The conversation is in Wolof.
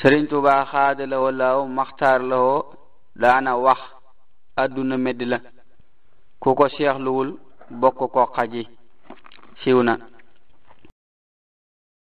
sëriñ tu xaada la walla maxtaar la woo daana wax adduna medd la ku ko seexluwul bokk ko xaji siiw na